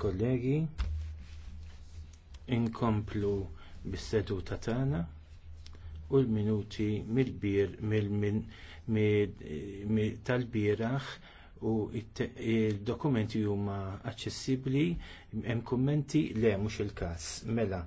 kollegi, inkomplu bis-seduta tagħna u l-minuti mill-bir tal-bieraħ u il-dokumenti huma aċċessibbli hemm kummenti le mhux il-każ mela